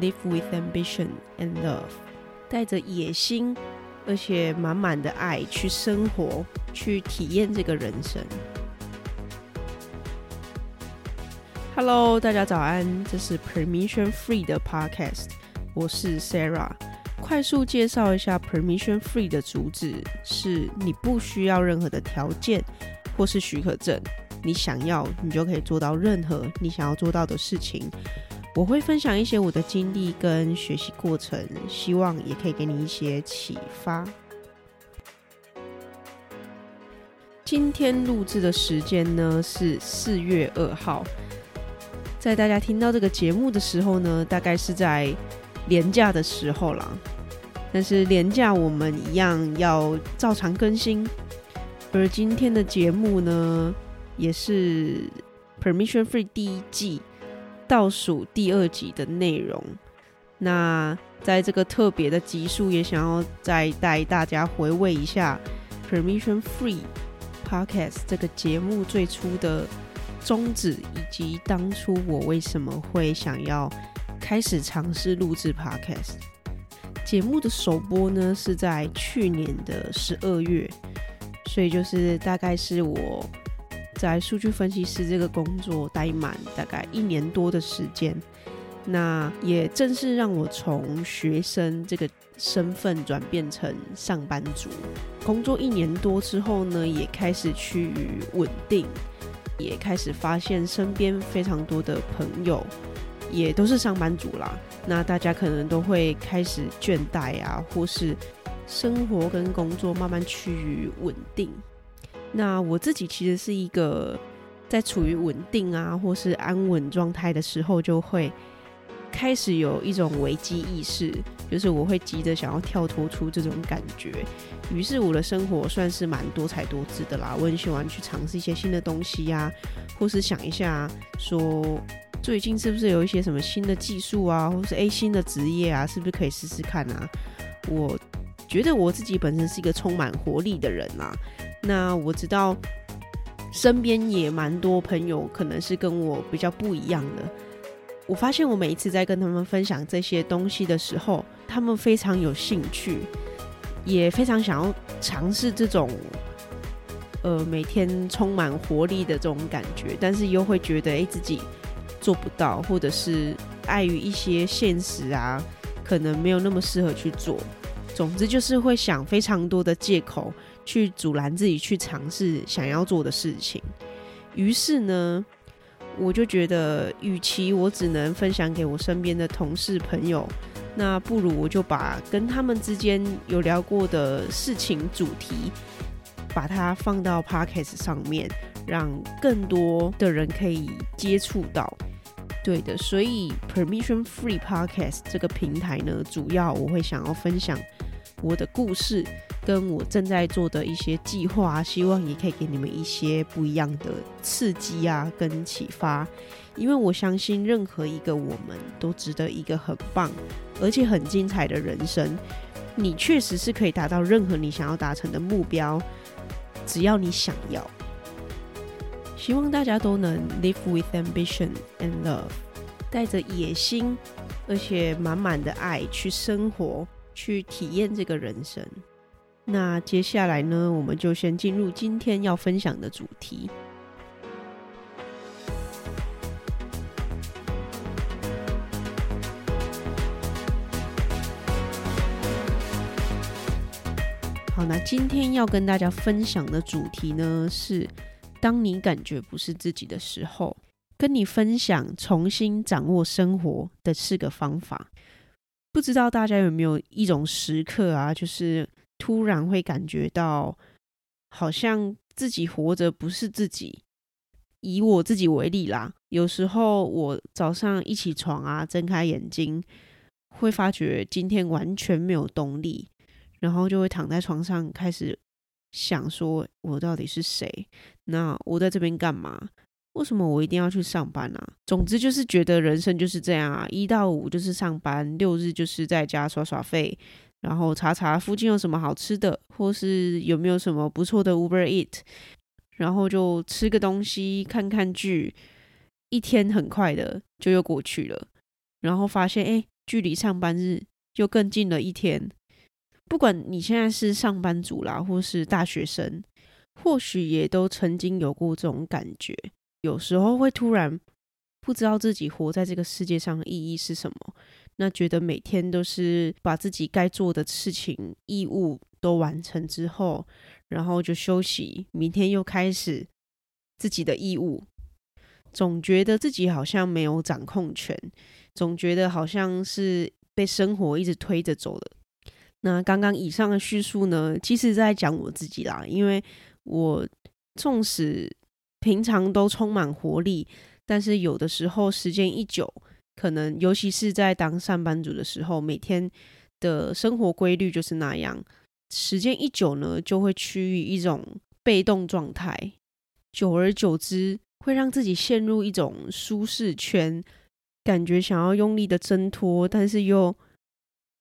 Live with ambition and love，帶着野心而且滿滿的愛去生活，去體驗這個人生。Hello，大家早安，這是 Permission Free 的 Podcast，我是 Sarah。快速介紹一下 Permission Free 的主旨：是你不需要任何的條件或是許可證，你想要，你就可以做到任何你想要做到的事情。我會分享一些我的經歷跟學習過程，希望也可以給你一些啟發。今天錄製的時間呢是四月二號，在大家聽到這個節目的時候呢，大概是在連假的時候啦。但是連假我們一樣要照常更新，而今天的節目呢，也是 Permission Free 第一季。倒數第二集的內容，那在這個特別的集數，也想要再帶大家回味一下《Permission Free Podcast》這個節目最初的宗旨，以及當初我為什麼會想要開始嘗試錄製 Podcast 節目的首播呢？是在去年的十二月，所以就是大概是我。在數據分析師這個工作待滿大概一年多的時間，那也正是讓我從學生這個身份轉變成上班族。工作一年多之後呢，也開始趨於穩定，也開始發現身邊非常多的朋友也都是上班族啦。那大家可能都會開始倦怠啊，或是生活跟工作慢慢趨於穩定。那我自己其實是一個在處於穩定啊或是安穩狀態的時候，就會開始有一種危機意識，就是我會急着想要跳脫出這種感覺。於是我的生活算是蠻多彩多姿的啦，我很喜歡去嘗試一些新的東西呀、啊，或是想一下說最近是不是有一些什麼新的技術啊，或是 A 新的職業啊，是不是可以試試看啊？我。覺得我自己本身是一個充滿活力的人啊，那我知道身邊也蠻多朋友可能是跟我比較不一樣的。我發現我每一次在跟他們分享這些東西的時候，他們非常有興趣，也非常想要嘗試這種呃每天充滿活力的這種感覺，但是又會覺得誒，自己做不到，或者是礙於一些現實啊，可能沒有那麼適合去做。總之就是會想非常多的借口去阻攔自己去嘗試想要做的事情。於是呢，我就覺得，與其我只能分享給我身邊的同事朋友，那不如我就把跟他們之間有聊過的事情主題，把它放到 Podcast 上面，讓更多的人可以接觸到。對的，所以 Permission Free Podcast 這個平台呢，主要我會想要分享。我的故事跟我正在做的一些計劃，希望也可以給你們一些不一樣的刺激啊，跟啟發。因為我相信，任何一個我們都值得一個很棒而且很精彩的人生。你確實是可以達到任何你想要達成的目標，只要你想要。希望大家都能 live with ambition and love，帶着野心而且滿滿的愛去生活。去體驗這個人生。那接下來呢，我們就先進入今天要分享的主題。好，那今天要跟大家分享的主題呢，是當你感覺不是自己的時候，跟你分享重新掌握生活的四個方法。不知道大家有沒有一種時刻啊，就是突然會感覺到好像自己活着不是自己。以我自己為例啦，有時候我早上一起床啊，睜開眼睛，會發覺今天完全沒有動力，然後就會躺在床上開始想說：我到底是誰？那我在這邊幹嘛？為什麼我一定要去上班啊？總之就是覺得人生就是這樣啊，一到五就是上班，六日就是在家耍耍廢，然後查查附近有什麼好吃的，或是有沒有什麼不錯的 Uber Eat，然後就吃個東西，看看劇，一天很快的就又過去了。然後發現，誒，欸，距離上班日又更近了一天。不管你現在是上班族啦，或是大學生，或許也都曾經有過這種感覺。有時候會突然不知道自己活在這個世界上的意義是什麼，那覺得每天都是把自己該做的事情、義務都完成之後，然後就休息，明天又開始自己的義務，總覺得自己好像沒有掌控權，總覺得好像是被生活一直推着走的。那剛剛以上的敘述呢，其實是在講我自己啦，因為我縱使。平常都充滿活力，但是有的時候時間一久，可能尤其是在當上班族的時候，每天的生活規律就是那樣。時間一久呢，就會趨於一種被動狀態，久而久之，會讓自己陷入一種舒適圈，感覺想要用力的掙脫，但是又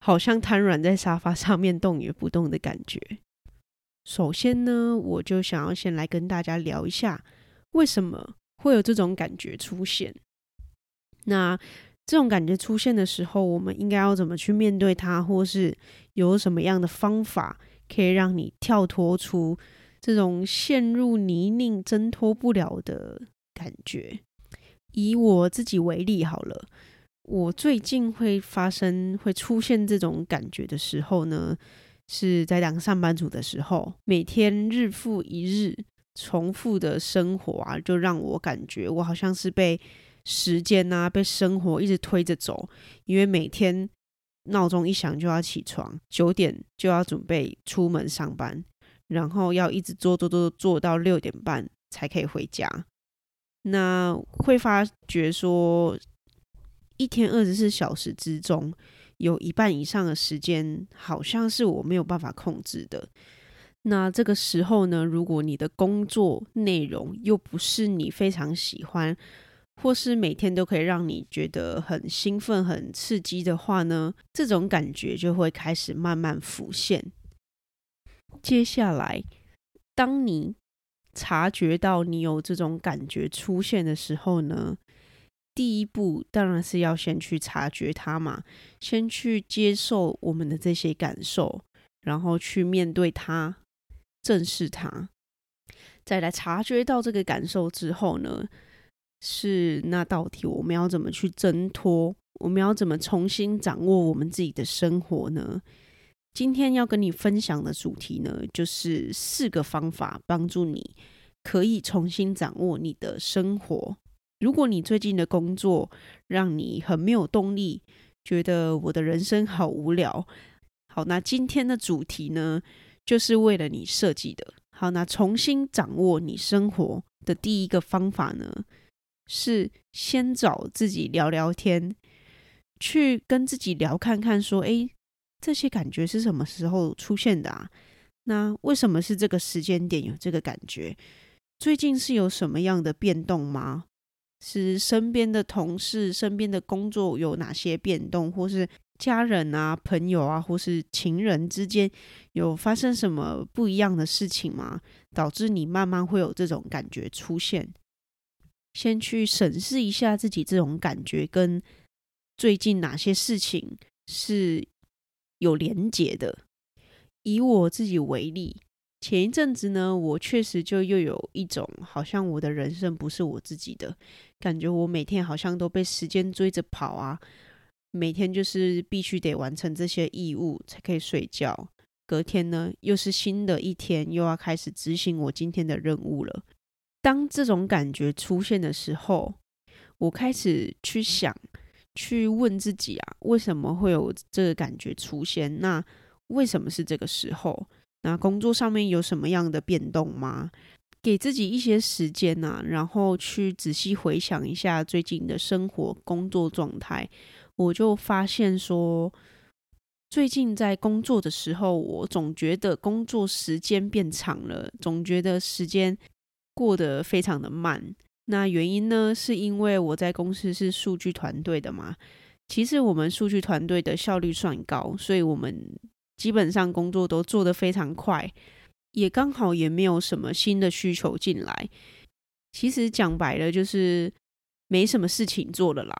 好像癱軟在沙發上面動也不動的感覺。首先呢，我就想要先來跟大家聊一下。為什麼會有這種感覺出現？那這種感覺出現的時候，我們應該要怎麼去面對它，或是有什麼樣的方法可以讓你跳脫出這種陷入泥濘、掙脫不了的感覺？以我自己為例，好了，我最近會發生、會出現這種感覺的時候呢，是在當上班族的時候，每天日復一日。重複的生活啊，就讓我感覺我好像是被時間啊、被生活一直推着走。因為每天鬧鐘一響就要起床，九點就要準備出門上班，然後要一直做做做做到六點半才可以回家。那會發覺說，一天二十四小時之中，有一半以上的時間，好像是我沒有辦法控制的。那這個時候呢，如果你的工作內容又不是你非常喜歡，或是每天都可以讓你覺得很興奮、很刺激的話呢，這種感覺就會開始慢慢浮現。接下來，當你察覺到你有這種感覺出現的時候呢，第一步當然是要先去察覺它嘛，先去接受我們的這些感受，然後去面對它。正視它。再來察覺到這個感受之後呢，是，那到底我們要怎麼去掙脫？我們要怎麼重新掌握我們自己的生活呢？今天要跟你分享的主題呢，就是四個方法幫助你可以重新掌握你的生活。如果你最近的工作讓你很沒有動力，覺得我的人生好無聊。好，那今天的主題呢，就是為了你設計的。好，那重新掌握你生活的第一個方法呢，是先找自己聊聊天，去跟自己聊，看看說，誒，這些感覺是什麼時候出現的啊？那為什麼是這個時間點有這個感覺？最近是有什麼樣的變動嗎？是身邊的同事、身邊的工作有哪些變動，或是家人啊、朋友啊，或是情人之間有發生什麼不一樣的事情嗎？導致你慢慢會有這種感覺出現。先去審視一下自己這種感覺跟最近哪些事情是有連結的。以我自己為例。前一陣子呢，我確實就又有一種好像我的人生不是我自己的感覺，我每天好像都被時間追着跑啊，每天就是必須得完成這些義務才可以睡覺，隔天呢又是新的一天，又要開始執行我今天的任務了。當這種感覺出現的時候，我開始去想，去問自己啊，為什麼會有這個感覺出現？那為什麼是這個時候？那、啊、工作上面有什麼樣的變動嗎？給自己一些時間呢、啊，然後去仔細回想一下最近的生活、工作狀態。我就發現說，最近在工作的時候，我總覺得工作時間變長了，總覺得時間過得非常的慢。那原因呢，是因為我在公司是數據團隊的嘛。其實我們數據團隊的效率算高，所以我們。基本上工作都做得非常快，也剛好也沒有什麼新的需求進來。其實講白了就是沒什麼事情做了啦。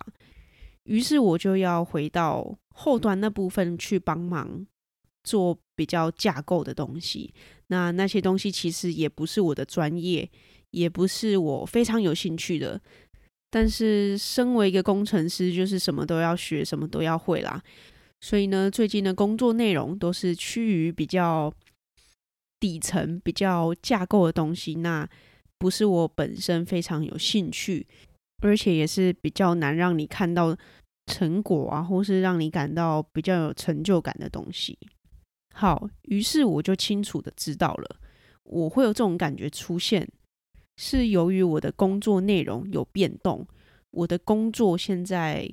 於是我就要回到後端那部分去幫忙做比較架構的東西。那那些東西其實也不是我的專業，也不是我非常有興趣的。但是身為一個工程師，就是什麼都要學，什麼都要會啦。所以呢，最近的工作內容都是趨於比較底層、比較架構的東西，那不是我本身非常有興趣，而且也是比較難讓你看到成果啊，或是讓你感到比較有成就感的東西。好，於是我就清楚的知道了，我會有這種感覺出現，是由於我的工作內容有變動，我的工作現在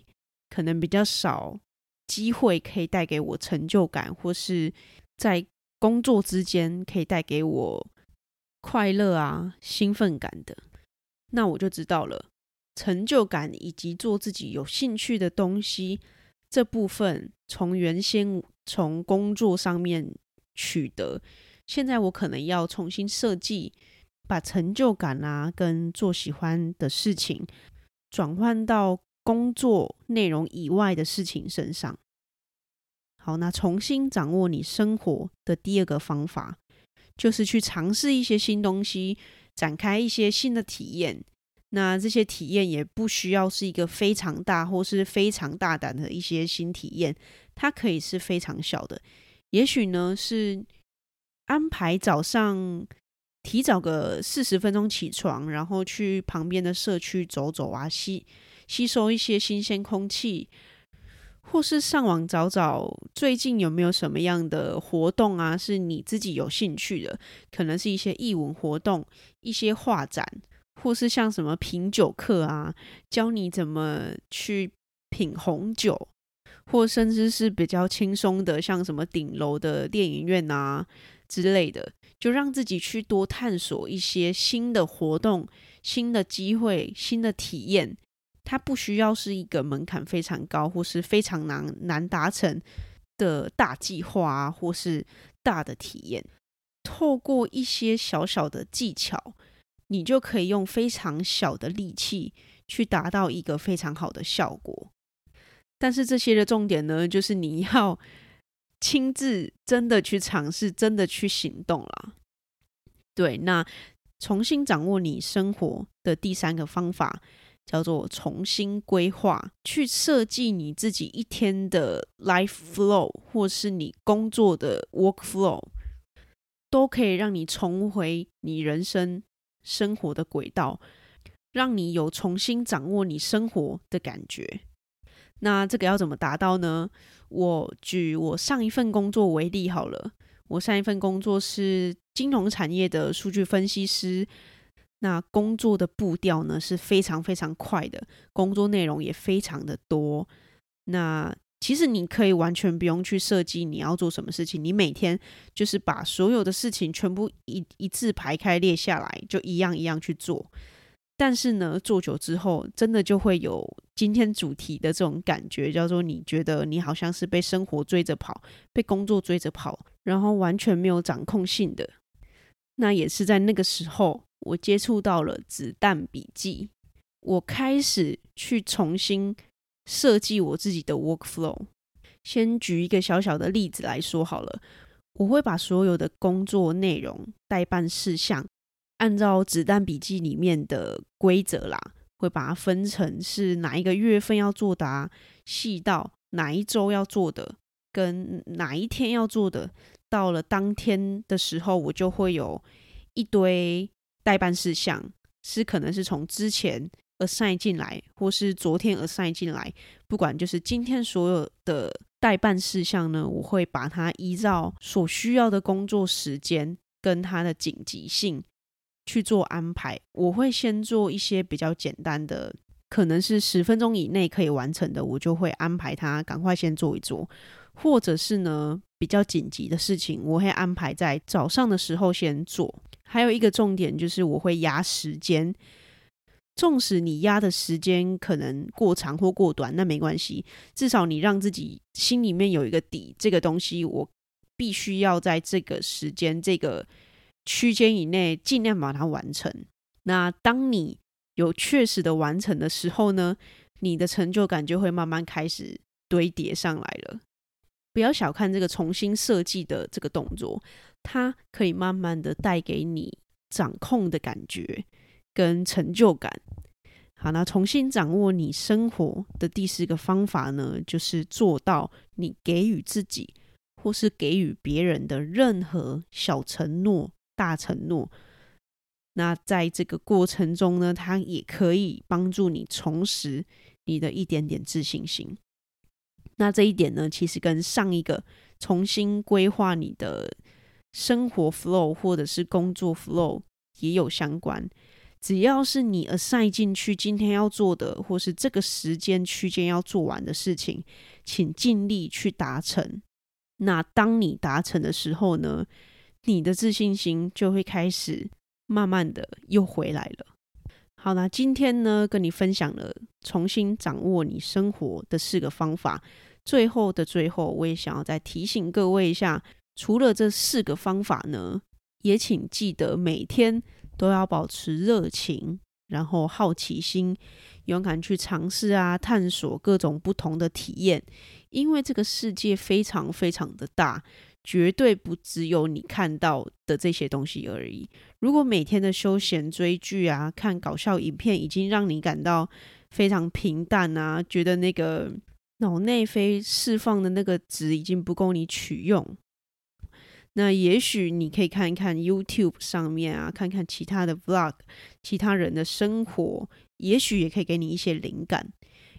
可能比較少。機會可以帶給我成就感，或是，在工作之間可以帶給我快樂啊、興奮感的，那我就知道了。成就感以及做自己有興趣的東西這部分，從原先從工作上面取得，現在我可能要重新設計，把成就感啊跟做喜歡的事情，轉換到工作內容以外的事情身上。好，那重新掌握你生活的第二個方法，就是去嘗試一些新東西，展開一些新的體驗。那這些體驗也不需要是一個非常大或是非常大膽的一些新體驗，它可以是非常小的。也許呢，是安排早上提早個四十分鐘起床，然後去旁邊的社區走走啊，吸吸收一些新鮮空氣。或是上網找找最近有沒有什麼樣的活動啊，是你自己有興趣的，可能是一些藝文活動、一些畫展，或是像什麼品酒課啊，教你怎麼去品紅酒，或甚至是比較輕鬆的，像什麼頂樓的電影院啊之類的，就讓自己去多探索一些新的活動、新的機會、新的體驗。它不需要是一個門檻非常高或是非常難難達成的大計劃啊，或是大的體驗。透過一些小小的技巧，你就可以用非常小的力氣去達到一個非常好的效果。但是這些的重點呢，就是你要親自真的去嘗試，真的去行動了。對，那重新掌握你生活的第三個方法，叫做重新規劃，去設計你自己一天的 life flow 或是你工作的 work flow，都可以讓你重回你人生生活的軌道，讓你有重新掌握你生活的感覺。那這個要怎麼達到呢？我舉我上一份工作為例好了，我上一份工作是金融產業的數據分析師。那工作的步調呢是非常非常快的，工作內容也非常的多。那其實你可以完全不用去設計你要做什麼事情，你每天就是把所有的事情全部一一字排開列下來，就一樣一樣去做。但是呢，做久之後，真的就會有今天主題的這種感覺，叫做你覺得你好像是被生活追着跑，被工作追着跑，然後完全沒有掌控性的。那也是在那個時候。我接觸到了子彈筆記，我開始去重新設計我自己的 workflow。先舉一個小小的例子來說好了，我會把所有的工作內容、待辦事項，按照子彈筆記裡面的規則啦，會把它分成是哪一個月份要做的啊，細到哪一週要做的，跟哪一天要做的。到了當天的時候，我就會有一堆。代辦事項是可能是從之前 assign 進來，或是昨天 assign 進來。不管就是今天所有的代辦事項呢，我會把它依照所需要的工作時間跟它的緊急性去做安排。我會先做一些比較簡單的，可能是十分鐘以內可以完成的，我就會安排他趕快先做一做。或者是呢，比較緊急的事情，我會安排在早上的時候先做。還有一個重點就是，我會壓時間。縱使你壓的時間可能過長或過短，那沒關係，至少你讓自己心裡面有一個底，這個東西我必須要在這個時間這個區間以內，盡量把它完成。那當你有確實的完成的時候呢，你的成就感就會慢慢開始堆疊上來了。不要小看這個重新設計的這個動作，它可以慢慢的帶給你掌控的感覺跟成就感。好，那重新掌握你生活的第四個方法呢，就是做到你給予自己或是給予別人的任何小承諾、大承諾。那在這個過程中呢，它也可以幫助你重拾你的一點點自信心。那這一點呢，其實跟上一個重新規劃你的生活 flow 或者是工作 flow 也有相關。只要是你 assign 進去今天要做的，或是這個時間區間要做完的事情，請盡力去達成。那當你達成的時候呢，你的自信心就會開始慢慢的又回來了。好，那今天呢，跟你分享了重新掌握你生活的四個方法。最後的最後，我也想要再提醒各位一下，除了這四個方法呢，也請記得每天都要保持熱情，然後好奇心，勇敢去嘗試啊，探索各種不同的體驗，因為這個世界非常非常的大。絕對不只有你看到的這些東西而已。如果每天的休閒追劇啊、看搞笑影片已經讓你感到非常平淡啊，覺得那個腦內啡釋放的那個值已經不夠你取用，那也許你可以看一看 YouTube 上面啊，看看其他的 Vlog，其他人的生活，也許也可以給你一些靈感。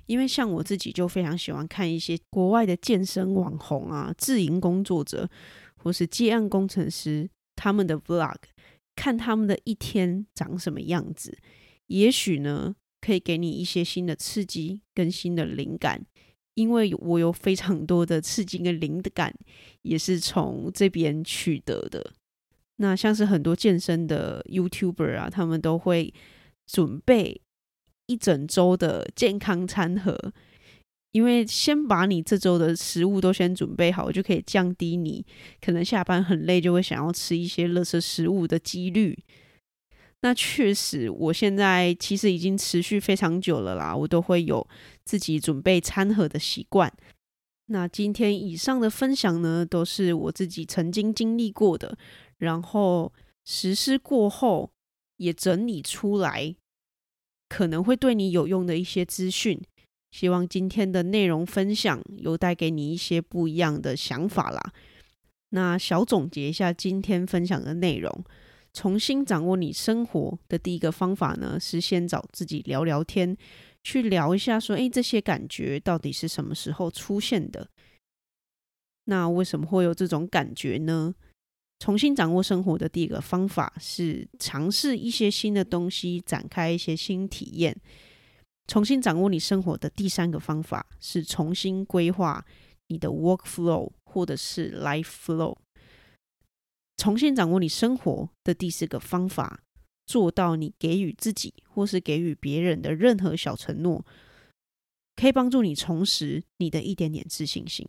因為像我自己就非常喜歡看一些國外的健身網紅啊、自營工作者，或是接案工程師他們的 Vlog，看他們的一天長什麼樣子，也許呢可以給你一些新的刺激跟新的靈感。因為我有非常多的刺激跟靈感，也是從這邊取得的。那像是很多健身的 YouTuber 啊，他們都會準備。一整週的健康餐盒，因為先把你這週的食物都先準備好，就可以降低你可能下班很累就會想要吃一些垃圾食物的幾率。那確實，我現在其實已經持續非常久了啦，我都會有自己準備餐盒的習慣。那今天以上的分享呢，都是我自己曾經經歷過的，然後實施過後，也整理出來。可能會對你有用的一些資訊，希望今天的內容分享有帶給你一些不一樣的想法啦。那小總結一下今天分享的內容，重新掌握你生活的第一個方法呢，是先找自己聊聊天，去聊一下說，哎，這些感覺到底是什麼時候出現的？那為什麼會有這種感覺呢？重新掌握生活的第一個方法是嘗試一些新的東西，展開一些新體驗。重新掌握你生活的第三個方法是重新規劃你的 Workflow 或者是 Life flow。重新掌握你生活的第四個方法，做到你給予自己或是給予別人的任何小承諾，可以幫助你重拾你的一點點自信心。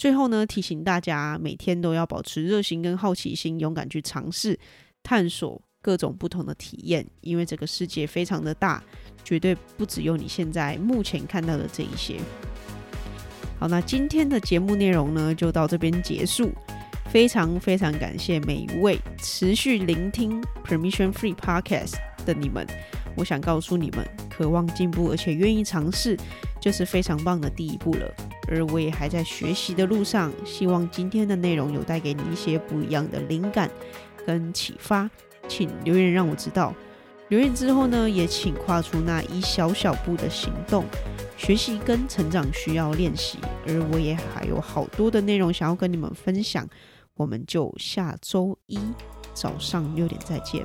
最後呢，提醒大家，每天都要保持熱情跟好奇心，勇敢去嘗試、探索各種不同的體驗，因為這個世界非常的大，絕對不只有你現在目前看到的這一些。好，那今天的節目內容呢，就到這邊結束。非常非常感謝每一位持續聆聽 Permission Free Podcast 的你們，我想告訴你們，渴望進步而且願意嘗試，就是非常棒的第一步了。而我也還在學習的路上，希望今天的內容有帶給你一些不一樣的靈感跟啟發，請留言讓我知道。留言之後呢，也請跨出那一小小步的行動。學習跟成長需要練習，而我也還有好多的內容想要跟你們分享，我們就下周一早上六點再見，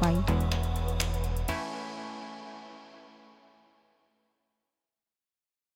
拜。